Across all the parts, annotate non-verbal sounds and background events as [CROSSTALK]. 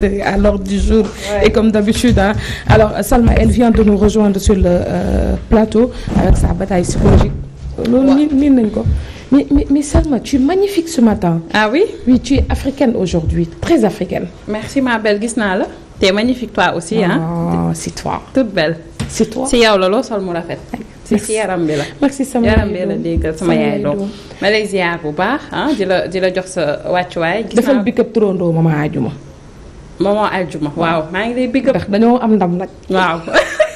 à l'ordre du jour ouais. et comme d'habitude hein alors Salma de nous rejoindre sur le euh, plateau avec sa bataille nañ ko mais mais tu es magnifique ce matin ah oui oui tu es africaine aujourd'hui très africaine gis naa la t'es magnifique toi aussi hein oh, c'est toi si yow la loo sol mu rafet si si yaram bi la merci sama yaram bi la déggal sama yaay doom ma lay bu baax ah di la di la jox sa wàccuwaay defal bi këpp turandoo mama ajuma maman aljuma waaw maa ngi lay bigg. ndax dañoo am ndam nag. waaw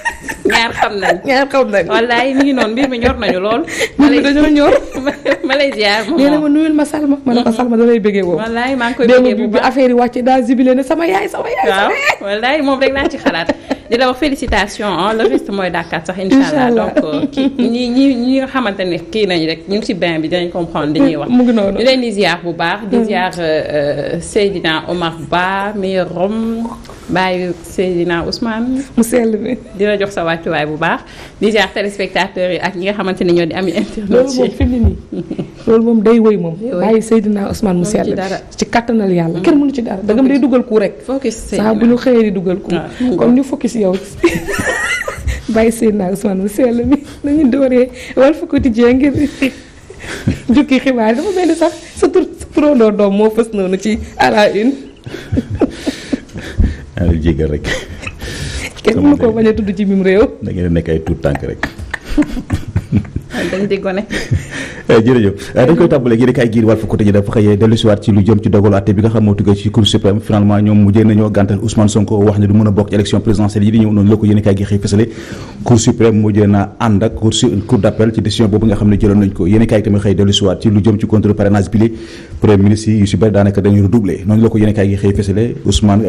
[LAUGHS] ñaar xam nañ. ñaar xam nañ wallaay mi ngi noonu mbir mi ñor nañu lool. ma lay dañoo ñor. [LAUGHS] ma lay ziar maman nee na ma nuyul ma Salma. ma ne ko mm-hmm. Salma da lay bëggee wallaay maa ngi koy bëggee bu baax bi affaire yi wàcce daa zibilé ne sama yaay sama yaay. waaw wallaay moom rek laa ci xalaat. di la wax félicitation ah le reste mooy dàkkaat sax incha allah donc kii ñi ñi ñi nga xamante ne kii nañu rek ñu ngi si bain bi dinañ comprendre li ñuy wax. mu ngi noonu di leen di ziar bu baax. di mm. ziar euh, euh, Seydina Omar Ba meilleur Rome bàyyi Seydina Ousmane. mu sell bi di jox sa wàccuwaay bu baax di ziar téléspectateurs yi ak ñi nga xamante ne ñoo di am loolu moom fi mu moom day wëy moom. bàyyi Seydina Ousmane mu ci kattanal yàlla. kenn munu ci dara da nga day dugal ku rek. focus saa bu ñu xëyee dugal ku comme ah, ñu focus yow bàyyi Seydina Ousmane bu sell mi nañu dooree Walf Quotidien ngir jukki xibaar dafa mel ni sax sa tur sa turandoo doom moo fës noonu ci à la une. naa jégal rek. kenn mënu ko bañ a tudd ci mu réew. da ngeen ay tuut tànk rek. dañ di gone jërëjëf eh, dañ koy tàmbalee yéen kay giir Walf Quotidien dafa xëyee dellusiwaat ci lu jëm ci dogalu àtte bi nga xam moo tuggee ci cour suprême finalement ñoom mujjee nañoo gàntal Ousmane Sonko wax ne du mën a bokk ci élection présidentielle yi di ñëw noonu la ko yéen kay gi xëy fësale cour suprême mujjee na ànd ak cour cour d'appel ci décision boobu nga xam ne jëloon nañ ko yéen kay tamit xëy dellusiwaat gi xëy fësale Ousmane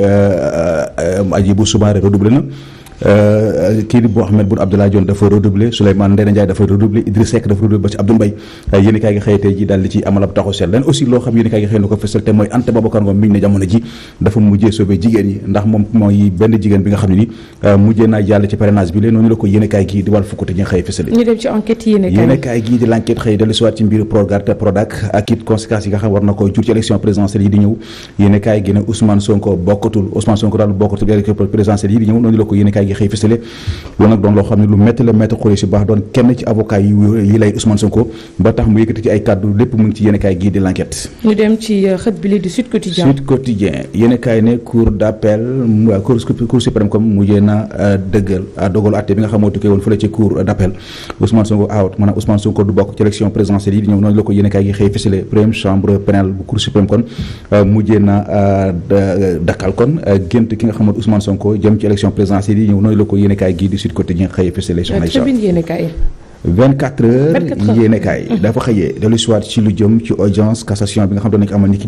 Hadjibou euh, euh, Soumaré na Euh, kii di bu Ahmed Boun Abdallah Dionne dafa redoubler Souleymane Ndéné dafa redoubler ba ci Abdou Mbaye euh, yéen gi xëy tey ji daal ci amal ab taxaw seet leen aussi loo xam yéen gi xëy na ko fësal te mooy Anta Babacar Ngom ne jamono ji dafa mujjee sauver jigéen ñi ndax moom mooy benn jigéen bi nga xam ne ni euh, mujjee naa jàll ci parrainage bi léegi noonu la ko yéen i di wàll fukkati ñu xëy fësal ci mbiru Prodac Prodac ak yi nga xam war na ko yi xëy fësale loolu nag doon loo xam ne lu métti la maître Khoureyssi Ba doon kenn ci avocat yi lay Ousmane Sonko ba tax mu yëkkati ci ay kàddu lépp mu ngi ci yéenekaay gii di l'enquête ñu dem ci euh, xët bi di Sud Quotidien Sud ne cour d'appel waaw cour comme mujjee na euh, dëggal dogalu àtte bi nga xam moo tukkee woon fële ci cour d'appel Ousmane Sonko out maanaam Ousmane Sonko du bokk ci élection présidentielle yi ñëw noonu la ko yéenekaay gi ñëw nooy la ko yéenekaay gii di Sud Quotidien xëye fësale soxna Aïcha 24 heures yéenekaay dafa xëyee dellu si waat ci lu jëm ci audience cassation bi nga xam ne nañ ko amal ni ki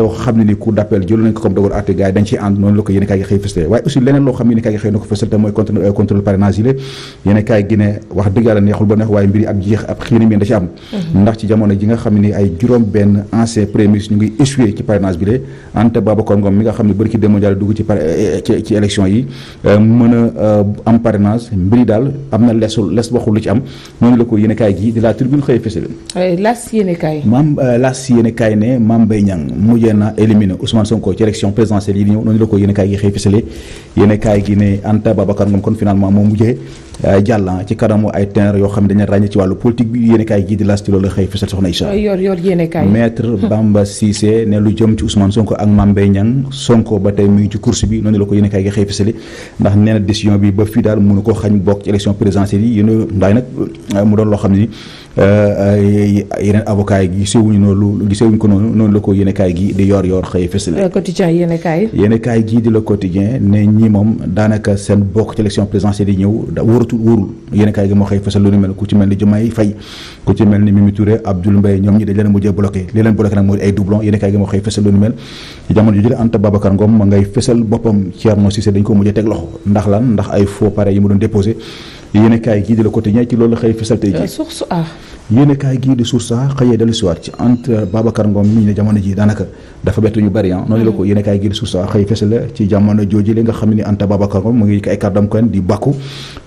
loo xam ne ni cour d'appel jël nañ ko comme dogal àtte gars yi dañ juróom benn ci parrainage a noonu la ko yéen euh, mm-hmm. euh, euh, gi di la tribune xëy fësale maam las yéen kaay ne Mame Mbaye leen éliminé Ousmane Sonko ci élection présidentielle yi di ñëw noonu la ko yéen a kaay gi xëy fisale yéen a Ngom kon finalement moom mujjee Euh, jàll ah, ci kanamu ay ténor yoo xam ne dañu ràññee ci wàllu politique bi yéenekaay gii di laas ci [LAUGHS] ba tey mu ngi ci course la ko yéenekaay gi xëy fësali ndax nee na bi ba fii daal mënu ko xañ bokk ci élection présidentielle yi yéen ndaay nag euh, mu ne euh, yeneen ko noonu noonu la ko yéenekaay gi di yor yor xëy fësale yéenekaay gii di le quotidien ne ñi moom daanaka seen bokk ci élection présidentielle yi ñëw wëtu wóorul yéen gi moo xëy fasal lu mel ku ci mel ni Diomaye Faye ku ci mel ni Mimi Touré Abdoul Mbaye ñoom ñi dañ leen mujj a bloqué leen bloqué nag mooy ay doublon yéen gi moo xëy fasal lu mel jamono ju jële Anta Babacar Ngom ma ngay fesal boppam Thierno Cissé dañ ko mujj teg loxo ndax lan ndax ay faux pare yi mu doon déposé yéen kaay gii la côté ñaay ci loolu xëy fasal tey ji euh, yéen a kaay gii di suuf saa xëyee dellu si waat ci entre Babacar mi ne jamono ji daanaka dafa bett ñu bëri ah. noonu la ko yéen a kaay gii di suuf saa xëy fese la ci jamono jooju li nga xam ne ni Anta Babacar Ngom mu ngi ay kàddam kon di bàkku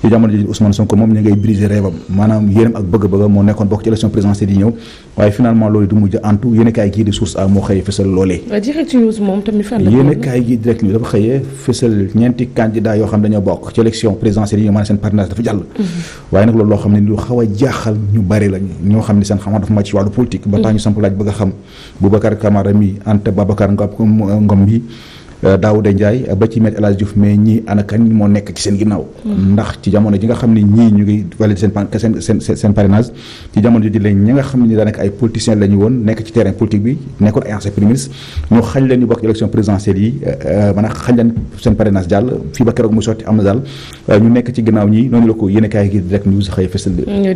ci jamono jooju Ousmane Sonko moom ñu ngay briser rêvam maanaam yéenam ak bëgg-bëgg moo nekkoon bokk ci élection présidentielle yi ñëw waaye finalement loolu du mujj antu yéen a kaay gii di source a moo xëyee fësal loolee. direct news direct news dafa xëyee fësal ñeenti candidat yoo xam dañoo bokk ci élection présidentielle yi nga mën seen parrainage dafa jàll. Mhm. waaye nag loolu loo xam ne lu xaw a jaaxal ñu bari la ñoo xam ne seen xam-xam dafa màcc ci wàllu politique. ba ñu samp laaj bëgg a xam Boubacar Camara mi Anta Babacar Ngom Ngom bi Euh, Daouda Ndiaye euh, ba ci Me El Hadji mais ñii ana kan moo nekk ci seen ginnaaw mm-hmm. ndax ci jamono ji nga xam ne ñii ñu ngi valider seen seen ci jamono ji nga xam ne daanaka ay politiciens la woon nekk ci terrain politique bi nekkoon ay ancien premier ministre ñu xañ leen ñu bokk élection présidentielle yi euh, maanaam xañ leen seen parrainage jàll fii ba keroog mu sotti am na daal ñu nekk ci ginnaaw ñi noonu la ko yéene kaay gi direct news xëy fësal ñu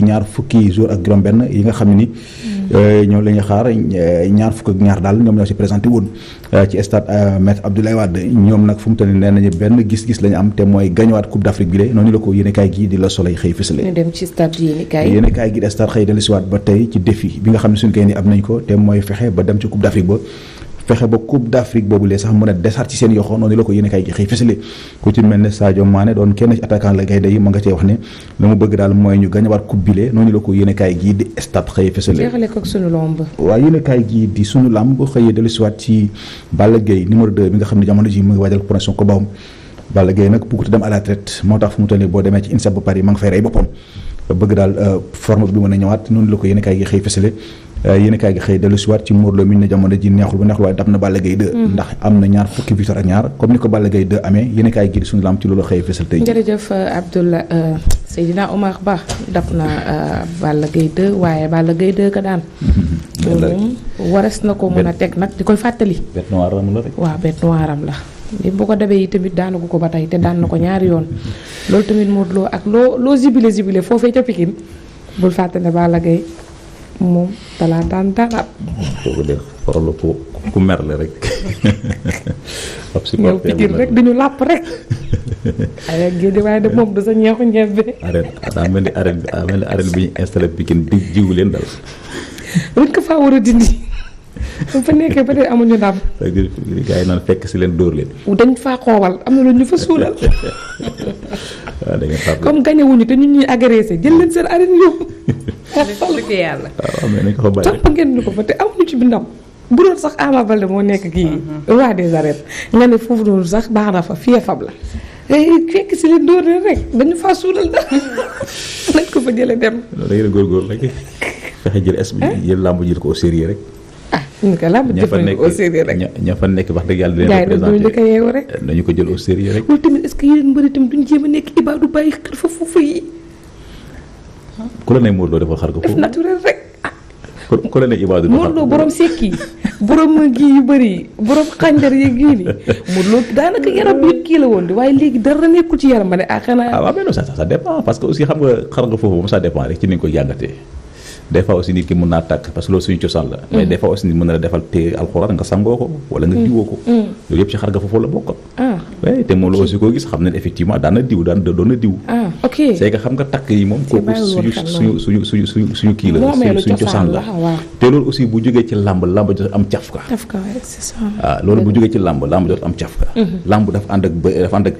dem ñaar fukki jour ak juróom-benn yi nga xam ne ni euh, ñoo la xaar euh, ñaar fukk ak ñaar daal ñoom ñoo si présenté woon euh, ci stade maître Abdoulaye Wade ñoom nag fu mu toll nii benn gis-gis la ñu am te mooy gañuwaat Coupe d'Afrique bi le noonu la ko yéenekaay gi di la Soleil xëy fësale ñu gi di stade xëy dellusiwaat ba tey ci défi bi nga xam ne suñu kay ni nañ ko te mooy fexe ba dem ci Coupe d'Afrique ba fexe ba Coupe d'Afrique boobu lee sax mën a desaat ci seen yoxoo noonu la ko yéen kay gi xëy fësale ku ci mel ne Sadio Mané doon kenn ci la gaynde yi ma nga cee wax ne la mu bëgg daal lee noonu la ko yéen kay gii di moo tax fu mu toll boo demee ci INSEP bu Paris ma nga fay rey boppam bëgg daal euh, forme bi mën a ñëwaat noonu la ko yéen gi xëy fësale Euh, yéen a kaay gi xëy dellu si waat ci Modou Lo mi ne jamono ji neexul bu neexul waaye dab na Balla Gaye 2 mm. ndax am na ñaar fukki victoire ak ñaar comme ni ko Balla Gaye 2 amee a kaay gi euh, euh, na Balla Gaye 2 waaye Balla Gaye 2 ka daan [LAUGHS] loolu wares na ko mën a teg nag di koy fàttali bête noire am la rek waaw bête noire am la li ko ko ba tey te daan na ko ñaari yoon [LAUGHS] loolu tamit Modou ak loo loo zibile zibile foofee ca Pikine bul fàtte ne Balla moom dalaa daan daanaat. kooku de xorlu ku ku mer rek. [LAUGHS] ab supporter rek dañu làpp rek. [LAUGHS] ay géej waaye de moom du sa ñeexu ñebe. arène daa mel ni arène bi daa mel ni bi ñu installé Pikine di jiwu leen dal. dañ ko faa war a dindi. fa nekkee peut être amuñu ndam. gars yi naan fekk si leen dóor leen. dañ faa xoowal am na lu ñu fa suulal. waaw [LAUGHS] ah, da ngeen comme gagné wuñu te ñun ñuy agressé jël leen seen arène yóbbu. [LAUGHS] dëgg yàlla ah, waaw mais nañ ko fa bàyyi. ñu ko fa te amuñu ci bu doon sax Ama Baldé moo nekk kii. Mhm. roi des arènes nga ne foofu doon sax baax na fa fie fab la. Eh, fekk si leen dóor leen rek dañu faa suulal da [LAUGHS] nañ ko fa jëlee dem. a góorgóorlu rek fexe jël es bi eh? jël làmb jël ko au rek. ah ñu ko làmb fa nekk wax dëgg yàlla di leen représenté yeewu eh, ko jël au sérieux rek loolu tamit est-ce que yeneen mbëri tamit duñ jéem a nekk ibaadu bàyyi la ne Modou Lo defal xar rek ku la ne ibaadu Modou Lo borom sekki borom gi yu bëri borom xànjar yeeg yii nii Modou Lo daanaka yaram bi kii la woon di waaye léegi dara nekkul ci yaram ma ne ah xanaa ah, waaw mais non ça ça dépend parce que aussi xam nga xar nga foofu moom ça dépend rek ci ni nga koy jàngatee des fois aussi nit ki mën naa tàkk parce que loolu suñu cosaan la mais mm. des fois aussi nit te mm. mm. ah. koo gis xam ne effectivement daana diw daan doon na diw ah, c'est que xam nga takk yi moom kooku suñu suñu suñu suñu suñu suñu kii la suñu cosaan la te loolu aussi bu jógee ci làmb làmb jot am cafka waaw ah, loolu bu jógee ci làmb làmb jot am cafka mm-hmm. làmb dafa ànd ak bë dafa ànd ak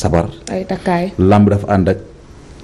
sabar ay takkaay làmb dafa ànd ak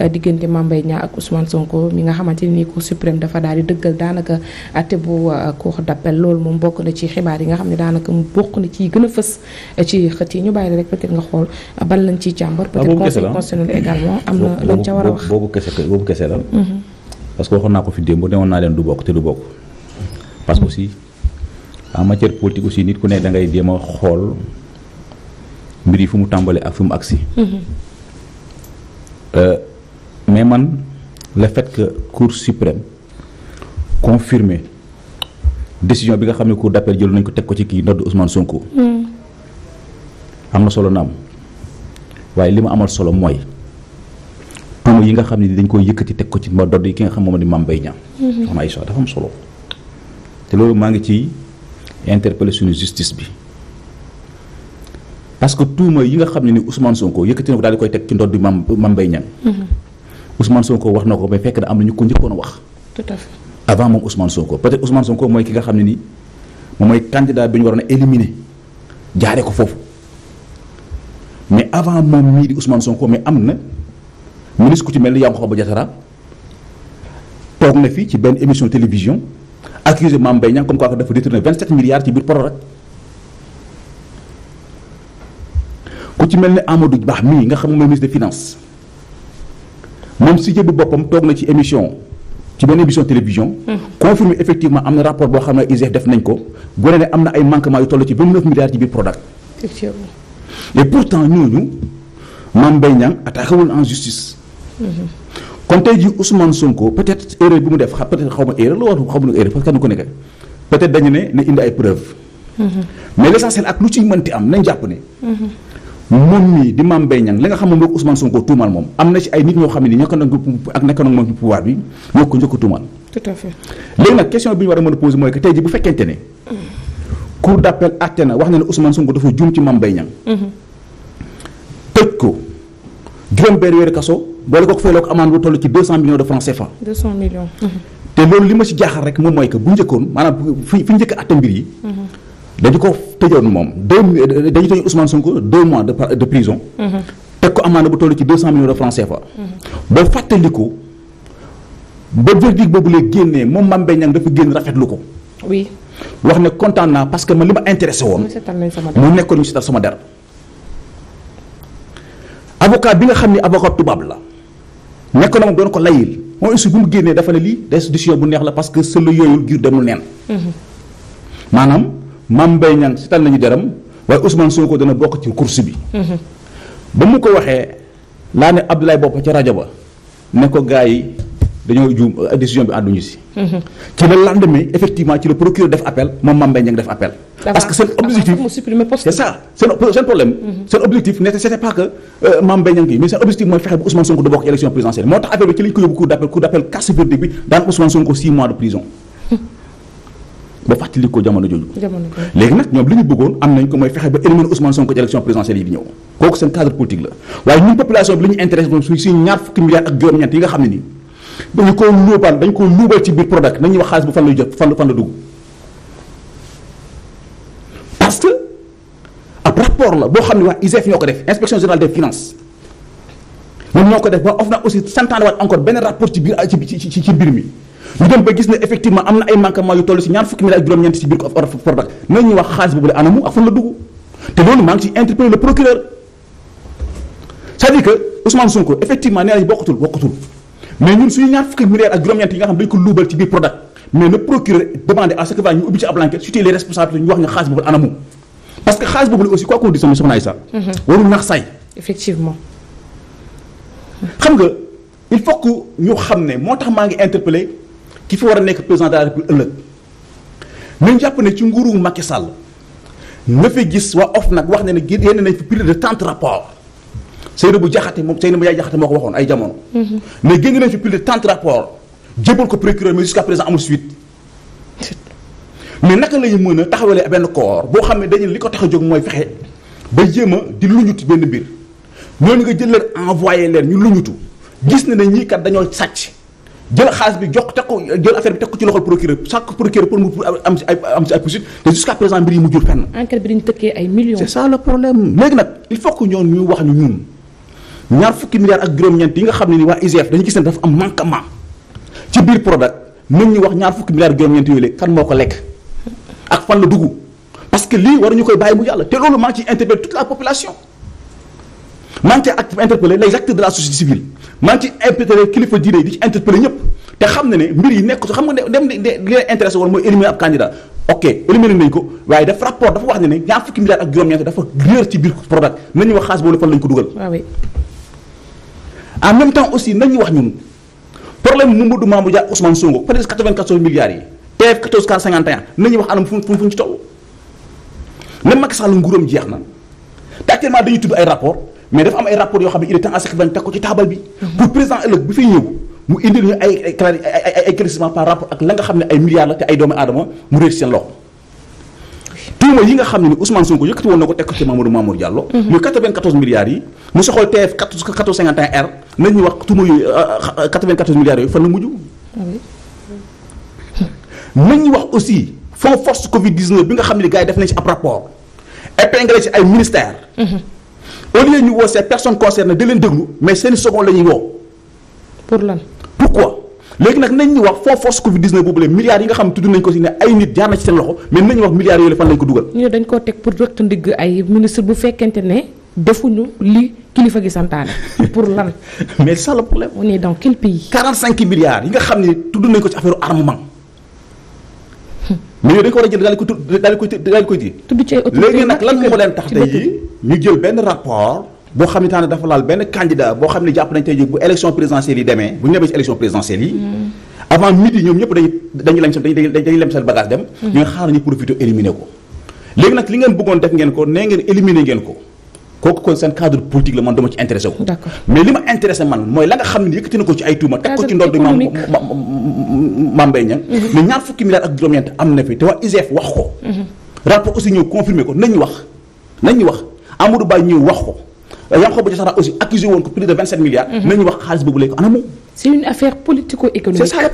Euh, diggante Mame Mbaye Niang ak Ousmane Sonko mi nga xamante ni Cour suprême dafa daal di dëggal daanaka atte bu euh, cour d'appel loolu moom bokk na ci xibaar yi nga xam ne daanaka bokk na ci gën a fës euh, ci xët yi ñu bàyyi rek peut nga xool ban lañ ciy càmbar ah, peut-être également am na lañ ca war a wax boobu kese boobu kese la mhm. parce que waxoon naa ko fi démb newoon naa leen du bokk te du bokk parce que aussi en matière politique aussi nit ku ne da ngay a xool mu tàmbalee mais man le fait que cour suprême confirmé décision bi nga xam ne cour d'appel jël nañ ko teg ko ci kii ndodd Ousmane Sonko. na solo na am li ma amal solo mooy tuuma yi nga xam ne dañ koy yëkkati teg ko ci ma dodd yi ki nga xam moom di Mame Mbaye Niang. am mhm. ay dafa am solo te loolu maa ngi ci interpeller suñu justice bi parce que tuuma yi nga xam ne ni Ousmane Sonko yëkkati na ko daal di koy teg ci ndodd Mame Mame Mbaye Niang. Mhm. Ousmane ko wax na ko mais fekk na am na ñu ko njëkkoon a wax. tout à fait avant moom Ousmane Sonko peut-être Ousmane Sonko mooy ki nga xam ne nii moom mooy candidat bi ñu waroon a éliminer jaaree ko foofu mais avant moom mii di Ousmane Sonko mais am na ministre ku ci mel ni Yankhoba Diattara toog na fii ci benn émission télévision accusé Mame Mbaye Niang comme dafa détourné 27 milliards ci biir Prodac ku ci mel ni Amadou Ba mii nga xam mooy ministre des finances. moom si jëmmi boppam toog na ci émission ci benn émission télévision. Mm-hmm. confirmé effectivement am na rapport boo xam ne IGF def nañ ko gone ne am na ay manquements yu toll ci 29 milliards ci biir Prodac. effectivement et pourtant ñooñu Mame Mbaye Niang attaqué wul en justice. Mm-hmm. kon tey jii Ousmane Sonko peut-être bi mu def peut-être xaw ma erreur la wala xaw ma erreur parce que nekk peut dañu ne na indi ay preuves. Mm-hmm. mais l'essentiel ak lu ci mënti am nañ jàpp ne. moom mii di Mame Mbaye Niang li nga xam moom la ko Ousmane Sonko tuumaal moom am na ci ay nit ñoo xam ne ñoo ko ak nekk na moom ci pouvoir bi ñoo ko njëkk a tuumaal. tout léegi nag question bi ñu war a mën a poser mooy tey bu fekkente ne. cour d'appel àtte na wax na ne Ousmane Sonko dafa juum ci Mame Mbaye Niang. Mm-hmm. tëj ko juróom-benn weeri kaso boole ko fayaloo ko amende bu toll ci 200 millions de francs CFA. Mm-hmm. te loolu li ma ci jaaxal rek moom mooy que bu njëkkoon maanaam a àtte mbir dañu ko tëjoon moom deux dañu tëjoon Ousmane ko deux mois de de prison. teg ko amande bu toll ci deux cent millions de francs CFA. boo fàttaliku ba verdict boobu lay génnee moom Mame Mbaye dafa génn rafetlu ko. wax ne kontaan naa parce que man li ma intéressé woon. mu nekkoon ñu seetal sama der avocat bi nga xam ne avocat tubaab la nekkoon na moom doon ko layil moom aussi bu mu génnee dafa ne lii destitution bu neex la parce que sële yooyu jur demul neen mhm. maanaam. Mame Mbaye Niang si nañu deram waaye Ousmane Sonko dana bokk ci course bi. Mhm. ba mu ko waxee laa ne Abdoulaye Bopp ca rajo ne ko gars yi dañoo juum euh, décision bi àdduñu si. Mhm. ci le lendemain effectivement ci le procureur def appel moom Mame Mbaye def appel. parce que seen objectif c'est ça seen problème. Mhm. seen objectif ne c'était pas que euh, Mame Mbaye Niang mais seen objectif mooy fexe ba Ousmane Sonko du bokk élection présidentielle moo tax affaire bi ci lañ ko yóbbu cour d'appel ba fàttali ko jamono jooju léegi nag ñoom li ñu bëggoon am nañ ko mooy fexe ba éliminer Ousmane Sonko ci élection présidentielle yi di ñëw kooku seen cadre politique la waaye ñun population bi li ñu intéressé suñ ñaar fukki milliards ak juróom-ñeent yi nga xam ne nii dañu koo luubal dañ koo luubal ci biir Prodac nañuy wax xaalis bu fan la jot fan parce que ab rapport la boo xam ne waa IGF ñoo ko def inspection générale des finances moom moo ko def ba OFNAC aussi santaane waat encore benn rapport ci biir ci ci am na ay manquement yu toll si ñaar fukki milliards ak juróom-ñeent biir ko ak fan la dugg te ak juróom-ñeent yi nga xam dañ ko luubal ci biir Prodac mais le procureur demandé à ce que va ñu ubbi ci ab enquête situé les responsabilités ñu wax nga xaalis boobu la anamu parce que xaalis boobu la aussi quoi qu'on dise sama soxna Aïssa mm-hmm. xam nga il faut que ñu xam ne moo tax maa ngi interpellé ki fi war a nekk président de la république ëllëg nañ jàpp ne ci nguuru Macky Sall na fi gis waa nag wax ne ne génne nañ fi plus de 30 rapports bu Diakhaté moom Seynabou Yaay Diakhaté moo ko waxoon ay jamono. mais mhm. génne nañ fi plus de 30 rapports jébal ko procureur mais jusqu'à présent amul suite. mais naka la mën a taxawalee benn corps boo xam ne dañu li ko tax a jóg mooy fexe ba jéem a di luñut benn mbir. ñooñu nga jël leen envoyé leen ñu luñutu gis na ne ñii kat dañoo sàcc jël xaalis bi jox teg ko jël affaire bi teg ci loxol procureur chaque procureur pour mu am si ay am si ay poursuite te jusqu'à présent yi mu jur fenn. enquête bi dañu tëkkee ay millions. c'est ça le problème léegi nag il faut que ñoon ñu wax ñu ñun ñaar fukki milliards ak juróom-ñeent yi nga xam ne ni waa IGF dañu gis ne dafa am manquement ci biir Prodac même ñu wax ñaar fukki milliards juróom-ñeent kan moo ko lekk ak fan la dugg parce que lii war ñu koy bàyyi mu yàlla te loolu maa ngi population maa ngi ci ak interpellé les acteurs de la société civile maa ci interpellé kilifa diine di ci interpellé ñëpp te xam na ne mbir yi nekk xam nga dem di li leen intéressé woon mooy éliminer ab candidat ok éliminer ne ne ñaar fukki milliards ak juróom nañu wax xaalis boobu fan ko dugal. Ah en même temps aussi nañu wax ñun problème Mamadou Mamadou Dia Ousmane Sonko peut-être 94 milliards yi TF 14 cas 51 nañu wax anam fu mu fu mu ci toll. même Macky Sall jeex na te actuellement dañuy ay rapport mais dafa am ay rapport yoo xam ne il est temps à ce que ci taabal bi. pour président ëllëg bi fay ñëw mu indil ñu ay ay ay ay par rapport ak la nga xam ne ay milliards la te ay doomu aadama mu réer seen loxo. tuuma yi nga xam ne ni Ousmane Sonko yëkkati woon na ko teg ko ci Mamadou Mamour Diallo. Mhm. muy 94 milliards yi. mu soxal TF 1451R nañu wax tuuma yooyu 94 euh, euh, milliards yooyu fan wax aussi fonds force Covid bi nga xam ne gars yi def nañ ci ab rapport épinglé ci ay ministères. Mhm. au lieu ñu woo ces personnes concernées di leen déglu mais seen second la ñuy woo. pour lan pourquoi léegi nag nañ ñu wax fond force Covid 19 boobu leen milliards yi nga xam tudd nañ ko si ne ay nit jaar na ci seen loxo mais nañu wax milliards yooyu la fan lañ ko dugal. ñu dañ koo teg pour ndigg ay ministre bu fekkente ne defuñu li kilifa gi santaane [LAUGHS] pour lan. mais c'est ça le problème. on est dans quel milliards yi nga xam ne tudd nañ ko ci affaire armement. mais yooyu dañ ko war a jël daal ko tudd daal di koy léegi nag lan moo leen tax tey ñu jël benn rapport. boo xam ne tax dafa laal benn candidat boo xam ne jàpp nañ tey jii bu élection présidentielle yi demee bu ñu demee ci élection présidentielle yi. Hmm. avant midi ñoom ñëpp dañuy dañuy lem seen dañuy lem seen bagage dem. Hmm. ñu xaar ñu profité éliminer ko. léegi nag li ngeen bëggoon def ngeen ko nee ngeen éliminer ngeen ko kooku kon seen cadre politique la man dama ci intéressé wu. d'accord mais li ma intéressé man mooy la nga xam ne yëkkati ko ci ay tuuma teg ko ci ndodd ma Mame Mbaye Niang mhm. mais ñaar fukki milliards ak juróom-ñeent am na fi te waa IGF wax ko mhm. rapport aussi ñëw confirmé ko nañu wax nañu wax Amadou Ba ñëw wax ko Yankhoba Diattara aussi accusé woon ko plus de 27 milliards mhm. nañu wax xaalis boobu léegi ko ana moom c'est une affaire politico-économique c'est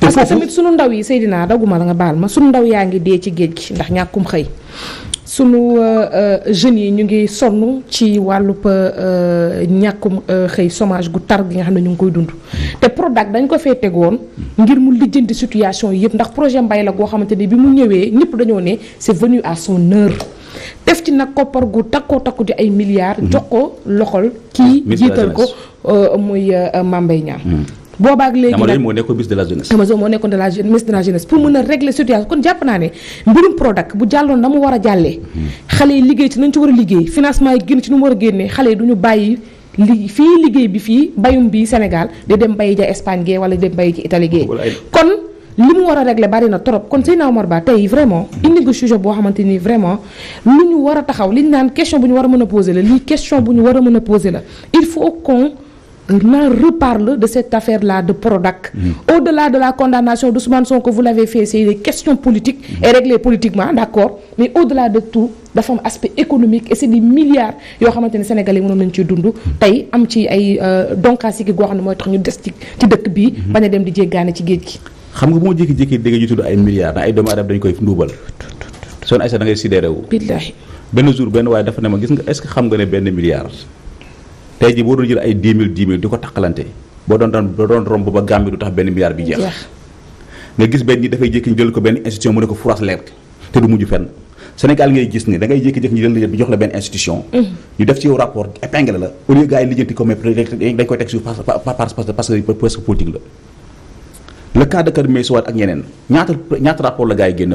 parce que tamit sunu ndaw yi Seydina daguma la nga baal ma sunu ndaw yaa ngi dee ci géej gi ndax ñàkkum xëy sunu euh, euh, jeunes yi ñu ngi sonn ci wàllu wàllub euh, ñàkkum xëy somage gu tar gi nga xam ne ñu ngi koy dund te Prodac dañ ko fee teg woon ngir mu lijjanti situation yi yëpp ndax projet mbay la goo xamante ni bi mu ñëwee ñëpp dañoo ne c'est venu à son heure def ci nag koppar gu takkoo takku di ay milliards mhm. jox ko loxol kii ah, jiital ko muy Mame Mbaye Niang hmm. boobaak léegi nag moo nekkoon ministre de la jeunesse Amadou moo nekkoon de la ministre de pour mën a régler situation kon jàpp naa ne mbirum Prodac bu jàlloon na mu war a jàllee hmm. xale yi liggéey ci nañ ci war a liggéey financement yi génn ci nu mu war a génnee xale yi duñu bàyyi fii liggéey bi fii bayum bi Sénégal di dem bayi ja Espagne gee wala di dem bayi ci Italie gee kon li mu war a régler bari na trop kon Seydina Omar Ba tey vraiment hmm. indi nga sujet boo xamante ni vraiment lu ñu war a taxaw li ñu naan question bu ñu war a a poser la question bu ñu war a mën a poser la il l'on reparle de cette affaire-là de Prodac. Mmh. Au-delà de la condamnation d'Ousmane Sonko, vous l'avez fait, c'est des questions politiques mmh. et réglées politiquement, d'accord, mais au-delà de tout dafa am aspect économique et c'est des milliards yoo xamante ne sénégalais mënoon nañ ci dund mm. tey am ci ay euh, donkaasi gi goo xam ne mooy tax ñu des ci ci dëkk bii mm-hmm. bañ a dem di jéggaane ci géej gi xam nga moo jékki-jékki dégg ñu tudd ay milliards na ay doomu aadama dañ koy nduubal son aysa da ngay sidéré nga est-ce que tey jii boo doon jël ay 10 000 10 000 di ko takkalante boo doon doon romb ba gàmmi du tax benn milliard bi jeex. nga gis benn ñi dafay jékki ñu ko benn institution mu ne ko France te du mujj fenn Sénégal ngay gis ni da ngay jékki-jékki bi jox la benn institution. Mm. ñu def ci yow rapport épingle la au lieu yi lijjanti ko mais parce que presque politique la. le cas de Karim ak ñaata rapport la gars yi génne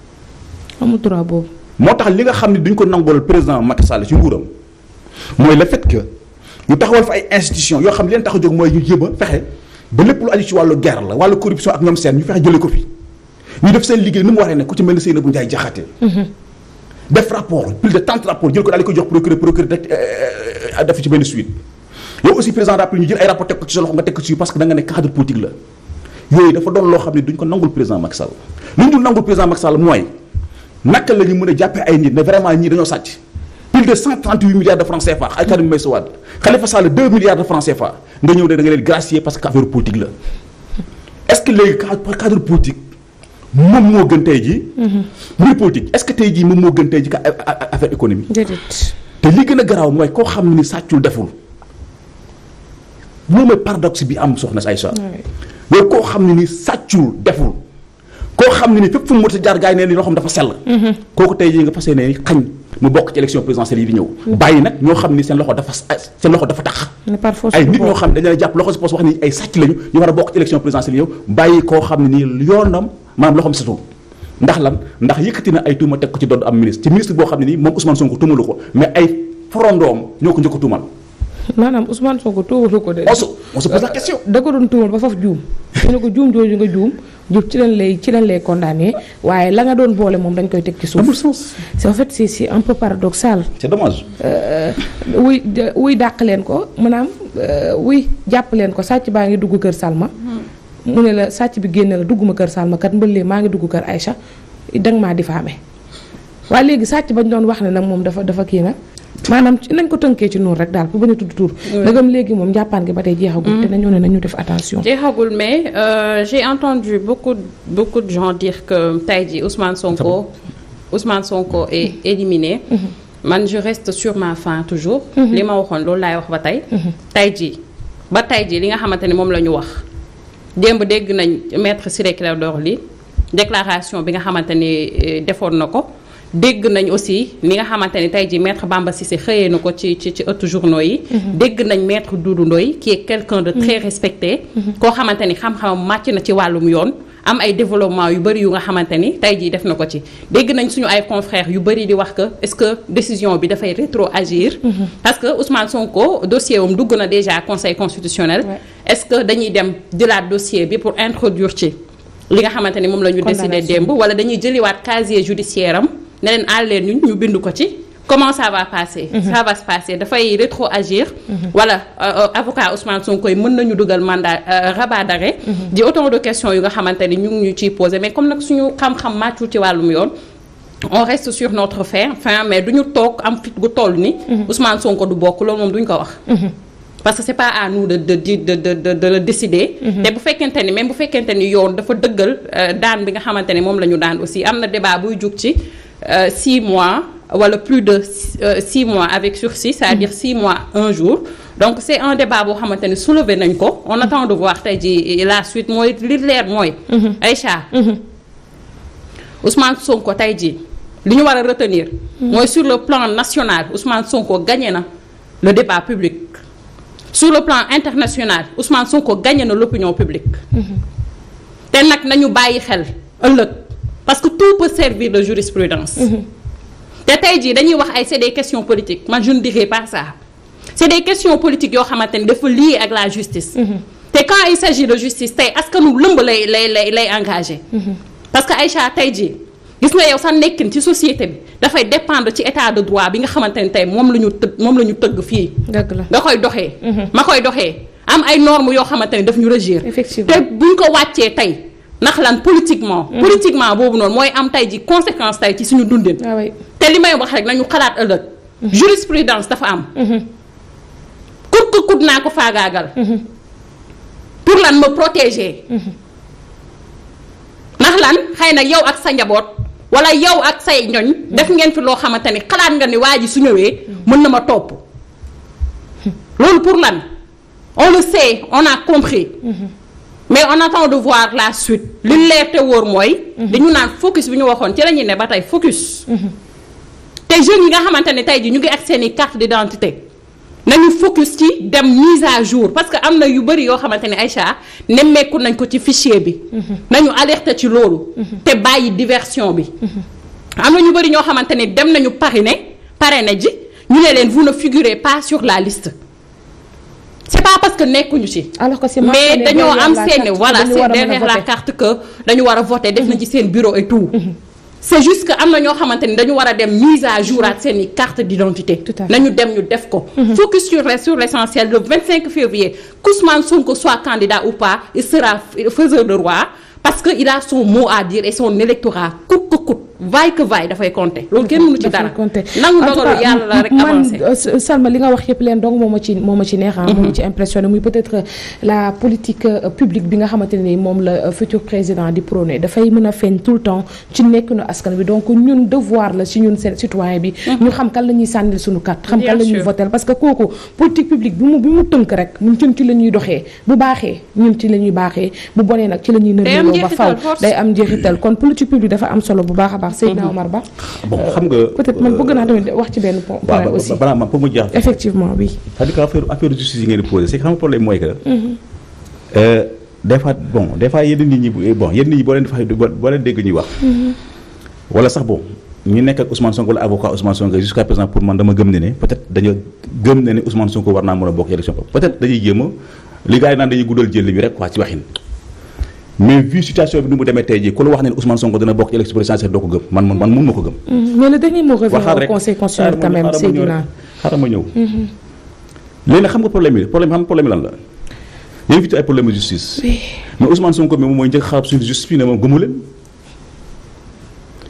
amul droit boobu. moo tax li nga xam ne duñ ko nangool président Macky Sall ci nguuram mooy le fait que ñu taxawal fa ay institutions yoo xam leen tax a jóg mooy ñu jéem a fexe ba lépp lu aju ci wàllu guerre la wàllu corruption ak ñoom seen ñu fexe jëlee ko fi ñu def seen liggéey ni mu waree ne ku ci mel ne Seynabou Ndiaye Diakhaté. Mhm. def rapport plus de 30 rapports jël ko daal di ko jox procureur procureur euh, def ci benn suite. yow aussi président rappel ñu jël ay rapport ko naka la ñu mën a jàppee ay nit ne vraiment ñii dañoo sàcc plus de 138 milliards de francs CFA ay Karim Meïssa Wade Khalifa Sall 2 milliards de francs nga ñëw ne nga leen gracier parce que affaire politique la est-ce que léegi cadre politique moom moo gën tey ji mbir mhm. politique est-ce que tey jii moom moo gën tey jii ka affaire économie. te li gën a garaaw mooy koo xam ni sàccul deful moom mooy paradoxe bi am soxna Aïcha. yow koo xam ne ni sàccul deful. koo xam ne ni fépp fu mu mën a jaar gars yi nee ni loo dafa sell mhm. kooku tey jii nga fas yéene xañ mu bokk ci élection présidentielle yi di ñëw mhm. bàyyi nag ñoo xam ni seen loxo dafa seen loxo dafa tax ay nit ñoo xam ne la jàpp loxo si poos wax ni ay sàcc lañu ñu war nii yoonam maanaam loxoom setul ndax lan ndax yëkkati na ay tuuma teg ko ci dodd am ministre ci ministre boo xam ne nii moom Ousmane Sonko tuumalu ko mais ay forondoom ñoo ko njëkk tuumal maanaam Ousmane Sonko tuubalu ko de. da ko doon tuumal ba faf juum. ñu ne ko juum jooju nga juum jub ci lañ lay ci lañ lay condamné waaye la nga doon boole moom dañ koy teg ci suuf. amul sens si en fait c'est c'est un peu paradoxal. Euh, wuy dàq leen ko maanaam euh, wuy jàpp leen ko sàcc baa ngi dugg kër Salma. Hmm. mu ne la sàcc bi génne la dugg ma kër Salma kat mbëllee maa ngi dugg kër ay Aïcha danga maa difaame waaye léegi sàcc bañ doon wax ne nag moom dafa dafa kii nag. maanaam nañ ko tënkee ci noonu rek daal pour bañ a tudd tur ndegam léegi moom jàppaan gi ba tey jeexagul mm. te nañoo ne nañu def attention jeexagul mais euh, j'ai entendu beaucoup beaucoup de gens dire que tey jii Ousmane Sonko Ousmane Sonko mm-hmm. est éliminé mm-hmm. man je reste sur ma faim toujours mm-hmm. li ma waxoon loolu laay wax ba tey tey jii ba tey jii li nga xamante ne moom la ñu wax démb dégg nañ maître Ciré Clédor li déclaration bi nga xamante ni euh, defoon na ko dégg nañ aussi li nga xamante ni tey jii maître Bamba Cissé xëyee na ko ci ci ci ëttu journaux yi. Mhm. dégg nañ maître du Ndoye ki est quelqu'un de très mhm. respecté. Mhm. koo xamante ni xam màcc na ci wàllum yoon. am ay développement yu bëri yu nga xamante ni tey jii def na ko ci dégg nañ suñu ay confrères yu bëri di wax que est-ce que décision bi dafay rétro rétroagir. parce que Ousmane Sonko dossier wam dugg na déjà conseil constitutionnel. est-ce que dañuy dem jëlaat dossier bi pour introduire ci. li nga xamante ni moom la ñu décidé démb wala dañuy jëliwaat casier judiciaire am. ne leen aal leen ñun ñu bind ko ci comment ça va passer mhm. ça va se passer dafay rétroagir wala mhm. euh, euh, avocat Ousmane Sonko koy mën nañu dugal mandat euh, rabat d'arrêt mhm. di autant de question yu nga xamante ni ñu ñu ciy posé mais comme nag suñu xam-xam màccul ci wàllum yoon on reste sur notre fin fin mais duñu toog am fit gu toll ni Ousmane Sonko du bokk loolu moom duñ ko wax parce que c'est pas à nous de de de de de de le décider. te bu fekkente ni même bu fekkente ni yoon dafa dëggal daan bi nga xamante ni moom la ñu daan aussi am na débat buy jug ci. Euh, six mois wala plus de euh, six mois avec sursis c'est-à-dire six mois un jour donc c'est un débat boo xamante ne soulevé nañ ko on mhm. attend de voir tay ji la suite mooy li leer mooy mhm. Aïcha mhm. Ousmane Sonko tey ji li ñu war a retenir mooy sur le plan national Ousmane Sonko gagné na le débat public sur le plan international Ousmane Sonko gagné na l'opinion publique te nag nañu bàyyi xel ëllëg parce que tout peut servir de jurisprudence mm-hmm. te tey jii dañuy wax ay c'est des question politiques man je ne dirai pas ça c'est des questions politiques yoo xamante ni dafa lii ak la justice mm-hmm. te quand il s'agit de justice tey askanu lëmb lay lay lay lay engagé mm-hmm. parce que Aïcha tey jii gis nga yow sa nekkin ci société bi dafay dépendre ci état de droit bi nga xamante ne tey moom la ñu moom la ñu tëgg fii. dëgg la nga koy doxee. ma koy doxee am ay normes yoo xamante ne daf ñu régir. effectivement te buñ ko wàccee tey. ndax lan politiquement. Mm. politiquement boobu noonu mooy am tey ji conséquence tey ci suñu dundin. Ah te li may wax rek nañu xalaat ëllëg. Mm-hmm. jurisprudence dafa am. Mm-hmm. kut kut kut naa ko faagaagal. Mm-hmm. pour lan ma protéger. ndax lan xëy na yow ak sa njaboot wala yow ak say ñoñ. def ngeen fi loo xamante ni xalaat nga ni waa ji su ñëwee mën na ma topp loolu pour lan on le sait on a compris. mais on attend de voir la suite li ñu leer te wóor mooy. Mhm. dañu naan focus bi ñu waxoon ci la ne ba tey focus. Mhm. te jeunes yi nga xamante ne tey jii ñu ngi ak seen i carte d'identité nañu focus ci dem mise à jour parce que am na yu bëri yoo xamante ne Aïcha nemmeeku nañ ko ci fichier bi. Mhm. nañu alerter ci loolu. te bàyyi diversion bi. am na ñu bëri ñoo xamante ne dem nañu ne pare parrainé ji ñu ne leen vous na figurez pas sur la liste. c'est pas parce que nekkuñu ci. alors que si mais dañoo am seen voilà c'est derrière la carte que dañu war a voter def na ci mm-hmm. seen bureau et tout. Mm-hmm. c'est juste que am na ñoo xamante ni dañu war a dem mise à jour ak seen i carte d'identité nañu dem ñu def ko mm-hmm. focus sur sur l'essentiel le 25 février qu'Ousmane Sonko soit candidat ou pas il sera faiseur de roi parce que il a son mot à dire et son électorat coûte que coûte vaille que vaille dafay compter euh, li nga wax yëpp leen donc moo ma ci moo ma ci ah. mhm. euh, euh, bi nga xamante ne moom la président di prôné dafay mën a feeñ tout le temps ci nekkinu askan bi donc ñun devoir la si ñun seen citoyen bi mhm. ñu xam kan la ñuy sànnil suñu carte xam kan la ñuy votel parce que kooku politique publique bi mu bi mu tënk rek ñun ci la doxee bu baaxee ñun ci la ñuy baaxee bu bonee nag ci la ñuy nërloo ba faw day am njeexital kon politique publique dafa am solo bu baax a baax baax Seydina mhm. Omar Ba. Euh, xam nga peut-être man bëgg naa tamit wax ci benn point. aussi balaa ma pour mu jeex. effectivement oui. c'est-à-dire que affaire affaire yi ngeen di posé xam nga problème mooy que. Mhm. Euh, des bon des yenn nit ñi bon yenn nit ñi boo leen di ñuy wax. Mhm. wala sax bon ñu nekk ak Ousmane Sonko wala avocat Ousmane Sonko jusqu'à présent pour man dama gëm ne ne peut-être dañoo gëm ne ne Ousmane Sonko war naa mën a bokk élection peut-être dañuy jéem a li gars yi naan dañuy mais vu situation bi ni mu demee tey jii ku la wax ne Ousmane Sonko dina bokk ci élection présidentielle doo ko gëm man mun ma ko gëm. Mm-hmm. mais le dernier mot revient mm-hmm. ay problème justice. mais Ousmane Sonko mi moom mooy njëkk xarab suñu justice bi ne moom gëmu leen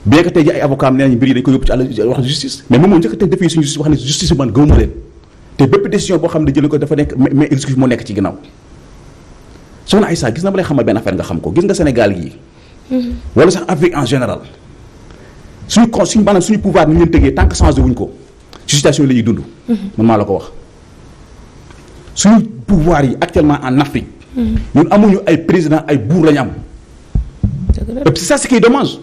bien tey jii avocat am nee nañu mbir yi dañu ko yóbbu ci àll justice mais moom mooy njëkk tey defee suñu justice wax ne justice bi man gëmu leen te bépp décision boo xam ne jëlee ko dafa nekk mais exécutif moo nekk ci ginnaaw soxna Aïssa gis na ma lay xamal benn affaire nga xam ko gis nga Sénégal yi wala sax Afrique en général suñu con suñu maanaam suñu pouvoir ni ñu leen tëggee tant que changé ko la ñuy dund. man maa la ko wax suñu pouvoir yi actuellement en Afrique. ñun amuñu ay président ay buur lañu am. et puis ça c'est qui est dommage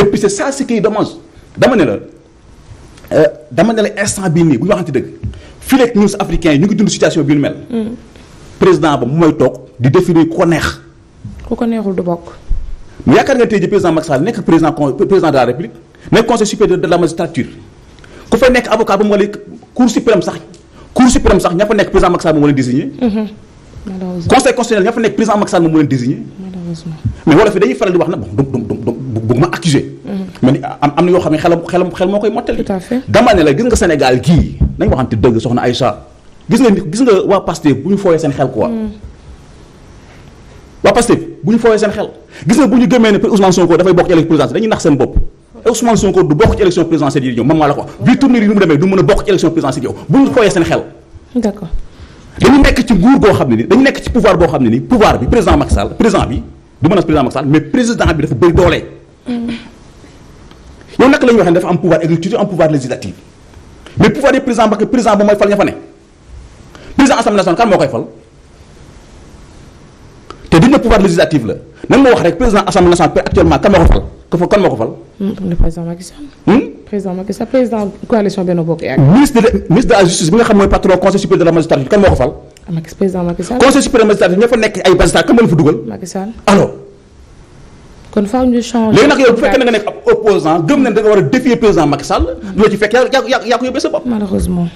et puis c'est ça c'est qui est dommage dama ne la euh, dama ne la instant bii nii bu ñu waxante dëgg fii rek ñun yi ñu ngi dund situation bi ñu mel. Mm. président ba mu may toog di définir ku ko neex. ku ko neexul du bokk. yaakaar nga tey ji président Macky Sall nekk président président de leen désigné. Mhm. conseil constitutionnel ña fa nekk président Macky Sall leen désigné. mais wolof yi dañuy faral di wax na du du du bëgguma accuser. Mhm. mais am am na yoo xam ne xel moo koy mottali. dama ne la gis nga Sénégal gii nañu waxante dëgg soxna Aïcha. gis nga gis nga waa Pastef bu ñu fooyee seen xel quoi. Mm. waa Pastef bu ñu fooyee seen xel gis nga bu ñu gëmee ne Ousmane Sonko dafay bokk ci élection présidentielle dañuy nax seen bopp. Ousmane Sonko du bokk ci élection présidentielle yi ñëw man maa la ko wax mm. bii tournée yi mu du mën a bokk ci élection présidentielle yow bu ñu fooyee seen xel. d'accord dañu nekk ci nguur goo xam ne ni dañu nekk ci pouvoir boo xam ne ni pouvoir bi président Macky Sall président bi du mën a président Macky Sall mais président bi dafa bëri mm. la ñuy wax ne dafa am pouvoir exécutif am pouvoir législatif mais pouvoir président assemblée nationale kan moo koy fal te duñ pouvoir législatif la nan ma wax rek président assemblée nationale actuellement kan moo ko fal hmm, hmm? ministre de ministre de la justice bi nga xam mooy patron conseil supérieur de la magistrature kan moo ko fal. conseil supérieur de la magistrature ñoo fa nekk ay magistrat kan moo fa dugal. kon faaw ñu changer nag yow bu fekkee ne nga nekk ab gëm nañ da nga war a défier président Macky Sall. ci fekk yaa yaa yaa ko yóbbee sa bopp. malheureusement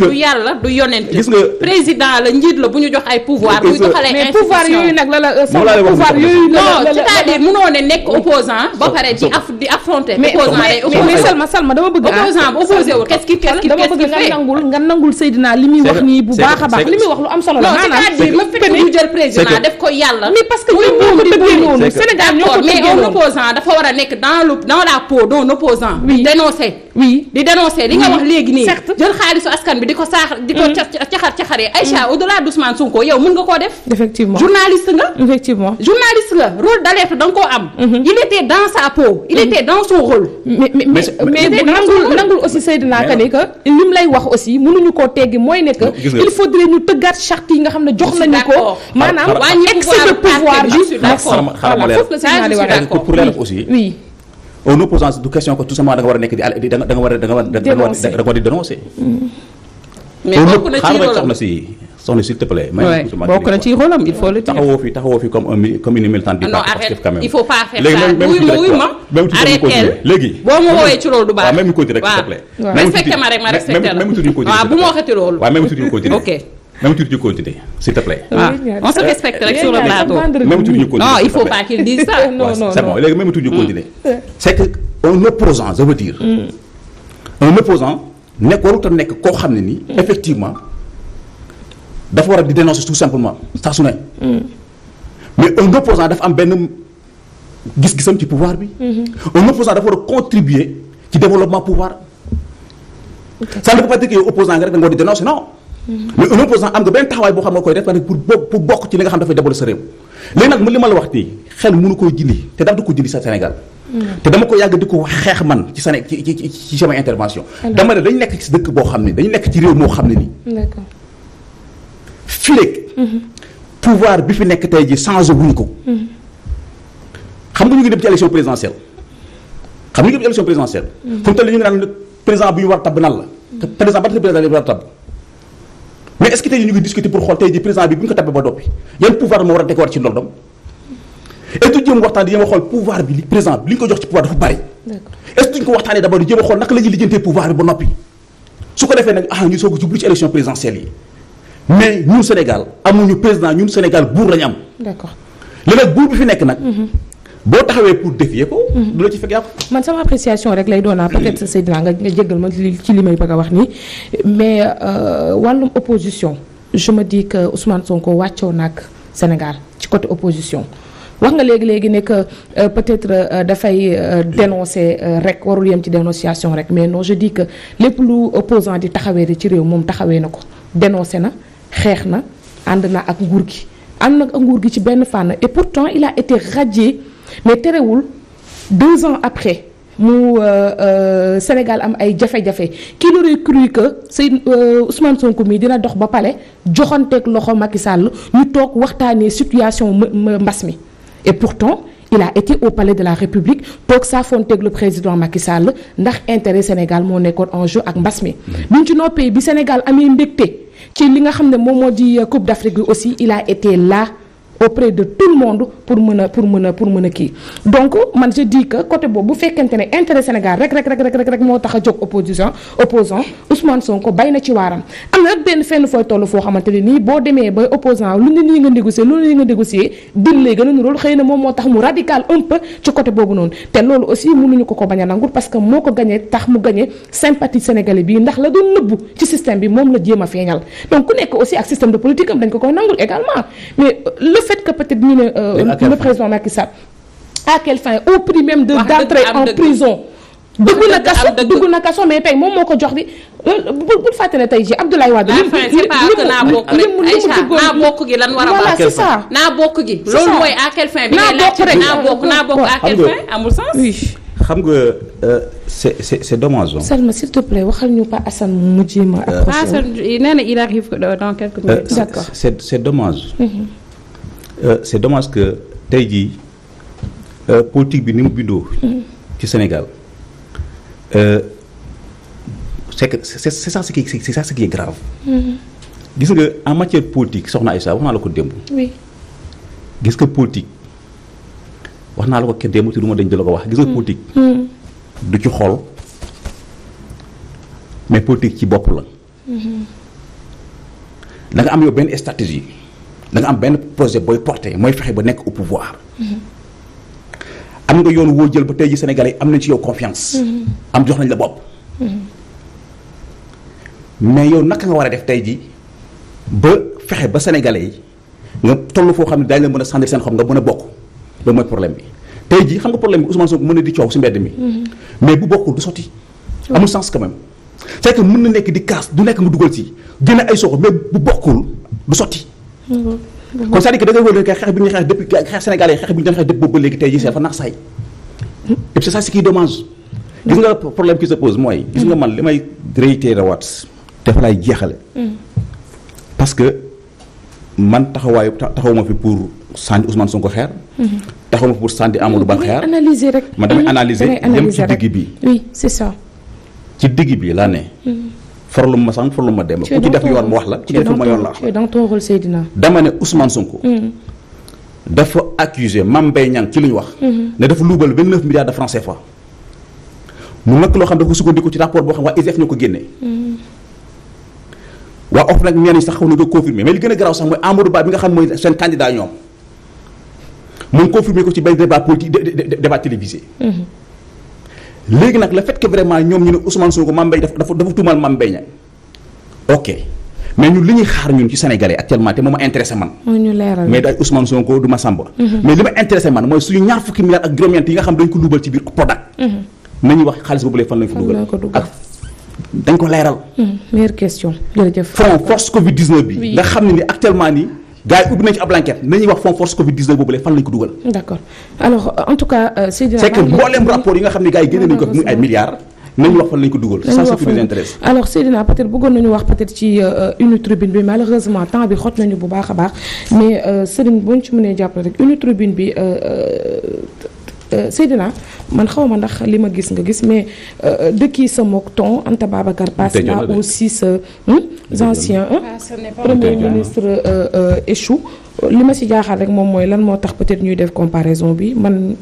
du yàlla du yonent. gis nga président la njiit la bu ñu jox ay pouvoir buy doxalee mais la la. Euh, moom pouvoir yooyu la la la non cest à ne nekk opposant ba di af di affronter. opposant nangul nga nangul Seydina li muy wax nii bu baax a baax li muy wax lu am solo la maanaam c'est-à-dire le jël président def ko yàlla. mais parce que ñoom ñoo ko bëggee noonu Sénégal ñoo ko mais dafa war a nekk dans la peau d'un opposant dénoncer oui di dénoncer li nga wax léegi nii jël xaalisu askan bi di ko saax di ko mm-hmm. caxar caxaree mm-hmm. Aïcha au delà d'Ousmane Sonko yow mën nga koo def journaliste nga journaliste nga rôle d'alerte da nga am mm-hmm. il était dans sa il était dans rôle mais mais nangul nangul aussi Seydina Kane que li lay wax aussi mënuñu koo teggi mooy ne excès de pouvoir bi d'accord d'accord ah, pour leeral aussi oui en opposant du question que tout simplement da nga war a nekk di da nga war a da nga war a da nga war a di dénoncer mais bokk na ci rôle soxna si soxna s'il te plaît. bokk na ci rôle am il faut le dire taxawoo fi taxawoo fi comme un comme une militante. Ah non arrête il faut pas faire ça léegi même wuy ma même léegi. boo ma woowee ci loolu du baax waaw même tuuti rek s'il te plaît. respecté ma rek ma respecté la waaw bu ma waxati loolu. waaw même tuuti ok. même tur ñu continuer s'il te plaît. Ah, on se respecte rek sur le plateau. même tur ñu continuer non il [LAUGHS] bon léegi même tur ñu continuer. c'est que un opposant je veux dire. Mm. un nekk warut nekk koo xam ne nii. Mm. effectivement dafa war a di dénoncer tout simplement saa su ne. Mm. mais un opposant dafa am benn gis-gisam ci pouvoir bi. Mm-hmm. un opposant dafa war a contribuer ci développement pouvoir. ça ne da nga war di dénoncer non. mais un am nga benn taxawaay boo xam nga koy def pour pour bokk ci li nga xam dafay développer sa réew léegi nag mu li ma xel mënu koo jindi te daf du ko jindi sa Sénégal mm. te dama ko yàgg di ko xeex man ci Séné ci ci sama intervention dama ne dañu nekk ci dëkk boo xam ne dañu nekk ci réew xam ne nii fii rek mm-hmm. pouvoir bi fi nekk tey ji changé wuñ ko mm-hmm. xam nga ñu ngi def ci élection présidentielle xam nga ñu ngi dem ci élection présidentielle mm-hmm. fu mu toll ñu ngi naan président bu war a tab nan la président ba président bi war a tab mais est-ce que tey ñu ngi discuter pour xool tey ji président bi bu ñu ko tabbee ba doppi yan pouvoir moo war a teg war ci ndondam est-ce que jéem waxtaan di jéem a xool pouvoir bi li président bi li ñu ko jox ci pouvoir dafa bari est-ce que duñ ko waxtaanee d'abord di a xool naka la ñuy lijjantee pouvoir bi ba noppi su ko defee nag ah ñu soog a ci élection présidentielle yi mais ñun Sénégal amuñu président ñun Sénégal buur lañu am d'accord léegi boo taxawee pour défier ko. Mhm. man sama appréciation rek lay doonaa peut-être Seydina nga nga jéggal ma ci li may bëgg nga wax nii mais euh, wàllum opposition je me dis que Ousmane Sonko wàccoo nag Sénégal ci côté opposition. wax nga léegi léegi ne euh, peut-être euh, dafay dénoncer rek warul yem ci dénonciation rek mais non je dis que lépp lu opposant di taxawee ci réew moom taxawee na ko dénoncé na xeex na ànd na ak nguur gi ànd na ak nguur gi ci benn fànn et pourtant il a mais terewul deux ans après mu euh, euh, Sénégal am ay jafe-jafe qui l'aurait cru que Seyd euh, Ousmane mii dina dox ba pale joxanteeg loxo Macky Sall ñu toog waxtaanee situation mbas mi et pourtant il a été au palais de la République toog saa fonteeg le président Macky Sall ndax intérêt Sénégal moo nekkoon en ak mbas mi buñ mm. ci noppee bi Sénégal amee mbégte ci li nga xam ne moom moo di Coupe d'Afrique bi aussi il a été là auprès de tout le monde pour mën pour mën pour mën kii donc man je dis que boobu bu fekkente ne intérêt Sénégal rek rek rek rek rek moo tax a jóg opposition opposant Ousmane Sonko bay na ci waaram am na benn fenn fooy toll foo xamante ne nii boo demee ba opposant lu ne nii nga négocier lu ne nga négocier dil lay gën a nuróol xëy na moom moo tax mu radical un peu ci côté boobu noonu te loolu aussi mënuñu ko ko bañ a nangul parce que moo ko gañee tax ndax la doon nëbbu ci système bi moom la jéem a feeñal donc nekk aussi fait que peut-être ne euh, le président Macky à quelle fin au prix même de d'entrer en prison dugg na kaso dugg na kaso mais tey moom moo ko jox di euh, bu bul fàtte ne tey jii Abdoulaye Wade. li mu li mu bokk gi lan a. voilà c'est ça naa bokk gi. loolu mooy à quelle fin. bi ngay laajte naa bokk naa bokk à quelle fin amul sens. xam nga euh, c'est c'est c'est dommage. Salma s'il waxal ñu pas Assane mu jéem a. approché wu nee na il arrive dans quelques minutes. c'est c'est Euh, c' est dommage que tey jii euh, politique bi ni mu bindoo. ci Sénégal euh, c' est que c' est ça grave. Mm-hmm. gis nga en matière politique soxna Aïssa wax naa la ko démb. gis nga politique wax naa la ko kenn démb te du ma dañ la ko wax. gis nga mm-hmm. politique. Mm-hmm. du ci xool mais politique ci bopp la. da am yow benn stratégie. da am benn projet booy porté mooy fexe ba nekk au pouvoir. am nga yoon woo jël ba tey ji Sénégalais am nañ ci yow confiance. Mm-hmm. am jox nañ la bopp. Mm-hmm. mais yow naka nga war a def tey ji ba fexe ba Sénégalais yi nga toll foo xam ne daañu la mën a sànni seen xom nga mën a bokk loolu mooy problème bi tey ji xam nga problème bi Ousmane Sonko mën na di coow si mbedd mi. Mm-hmm. mais bu bokkul du sotti. amul sens quand même. c'est na nekk di kaas du nekk nga dugal ci génne ay soxla mais bu bokkul kon c'est-à-dire que da ngay wër ne xeex bi ñuy xeex depuis xeex sénégalais xeex bi ñu doon xeex depuis boobu léegi tey jii dafa nax saay et c'est ça ce qui gis nga problème qui se pose mooy gis nga man li may réitéré waat dafa lay jeexale mm-hmm. parce que man taxawaayu taxawuma fi pour sànni Ousmane Sonko xeer mm-hmm. taxawuma fi pour sànni Amadou Ba xeer man damay mm-hmm. analyser dem ci digg bi oui c'est ça ci digg bi laa ne farlum ma sànq farlum ma dem ku ci def yoon mu wax la ku ci defu ma yoon la wax dama ne Ousmane Sonko hmm. dafa accusé Mame Mbaye Niang ci lu ñu wax hmm. ne dafa luubal 29 milliards de francs CFA mu nekk loo xam dafa sukkandiku ci rapport boo xam waa IGF ñoo ko génnee hmm. waa of nag ñenn ñi sax xaw nañu ko confirmé mais li gën a garaaw sax mooy Amadou Ba bi nga xam mooy seen candidat ñoom mu confirmé ko ci benn débat politique débat télévisé léegi nag la fait que vraiment ñoom ñu ne Ousmane Sonko Mame Mbaye dafa dafa tuumal Mame Mbaye ok mais ñun li ñuy xaar ñun ci sénégalais actuellement te moo ma intéressé man. ñu leeral mais day Ousmane Sonko du ma Samba. Mhm. mais li ma intéressé man mooy suñu ñaar fukki milliards ak juróom-ñeent yi nga xam dañ ko dugal ci biir Prodac. Mhm. nañuy wax xaalis boobu lay fan lañ ko dugal ak dañ ko leeral. Mhm. meilleure force Covid bi. nga xam ne ni actuellement nii. gars yi ubbi nañ ci ab enquête wax fond force Covid 19 boobu fan lañ ko dugal. d'accord alors en tout cas. Euh, c'est que mboolem rapport yi nga xam ne gars yi génne nañ ko milliards. nañu wax fan lañ ko dugal. nañu wax fan alors Seydina peut-être bëggoon nañu wax peut ci euh, euh, une tribune bi malheureusement temps bi xot nañu bu baax baax mais Serigne bu ñu ci mënee jàppale rek une tribune bi. Euh, Seydina man xaw ma ndax li ma gis nga gis mais euh, euh, de qui se moque t Babacar passe là aussi sa ancien premier ministre échoue li ma si jaaxal rek moom mooy lan moo tax peut ñuy def comparaison bi man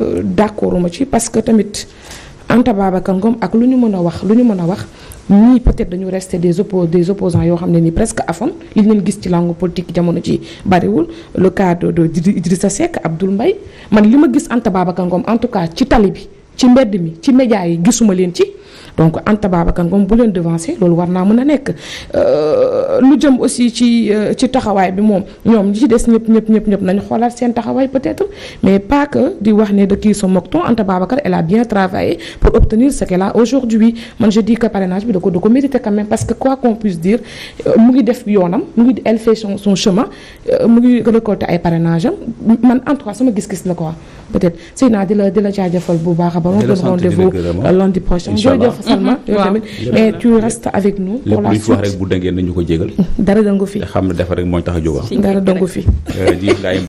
d'accorduma ci parce que tamit Anta Babacar Ngom ak lu ñu mën a wax lu ñu mën a wax ñii peut-être dañu rester des oppo des opposants yoo xam ne ni presque à li ñu gis ci langue politique jamono ci bariwul le cas de Idrissa ab dul mbay man li ma gis Anta Babacar Ngom en tout cas ci tali bi ci mbedd mi ci média yi gisuma leen ci donc Anta Babacar Ngom bu leen devancer loolu war naa mën a nekk euh, lu jëm aussi ci euh, ci taxawaay bi moom ñoom ñi ci des ñëpp ñëpp ñëpp ñëpp nañu xoolaat seen taxawaay peut-être mais pas que di wax ne de kii sa mocton Anta Babacar elle a bien travaillé pour obtenir ce qu'elle aujourd'hui man je dis que parrainage bi da ko da ko mérité quand même parce que quoi qu'on puisse dire euh, mu ngi def yoonam mu ngi elle fait son son chemin mu ngi récolter ay parrainage man en tout cas sama gis-gis la quoi peut-être Seyna di la di la bu baax a baax. di rendez-vous ah. lundi prochain. incha allah jërëjëf Salma [LAUGHS] tamit mais tu restes avec nous. pour la wax rek bu dëngee nañu ko jégal. [LAUGHS] dara dëngu fi. te xam ne defar rek mooy tax a jóg. Ah. dara dëngu fi. [LAUGHS]